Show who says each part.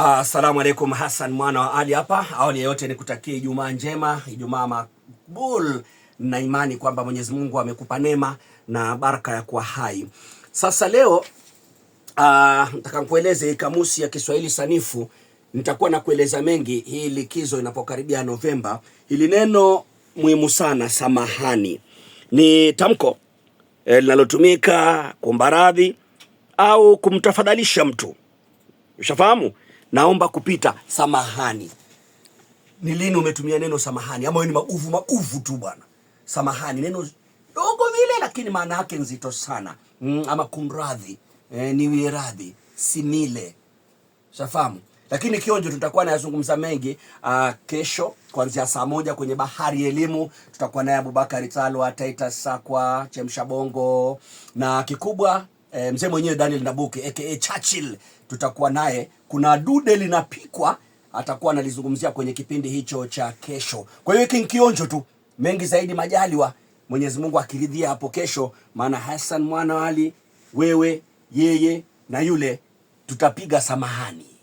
Speaker 1: Asalamu ah, alaikum, Hassan mwana wa Ali hapa. Awali yote nikutakie Ijumaa njema, Ijumaa makbul, na imani kwamba Mwenyezi Mungu amekupa neema na baraka ya kuwa hai. Sasa leo ah, nataka nikueleze kamusi ya Kiswahili sanifu. Nitakuwa na kueleza mengi hii likizo inapokaribia Novemba. Hili neno muhimu sana, samahani, ni tamko eh, linalotumika kuomba radhi au kumtafadhalisha mtu. Ushafahamu? naomba kupita, samahani. Ni lini umetumia neno samahani? Ama ni mauvu mauvu tu bwana. Samahani neno dogo vile, lakini maana yake nzito sana mm, ama kumradhi, e, niwie radhi, simile shafamu. Lakini Kionjo, tutakuwa nayazungumza mengi uh, kesho kuanzia saa moja kwenye Bahari Elimu. Tutakuwa naye Abubakari Talwa, Titus Sakwa, Chemsha Bongo na kikubwa e, mzee mwenyewe Daniel Nabuke aka Churchill tutakuwa naye. Kuna dude linapikwa atakuwa analizungumzia kwenye kipindi hicho cha kesho. Kwa hiyo hiki kionjo tu, mengi zaidi majaliwa Mwenyezi Mungu akiridhia hapo kesho, maana Hassan mwana Ali, wewe, yeye na yule tutapiga samahani.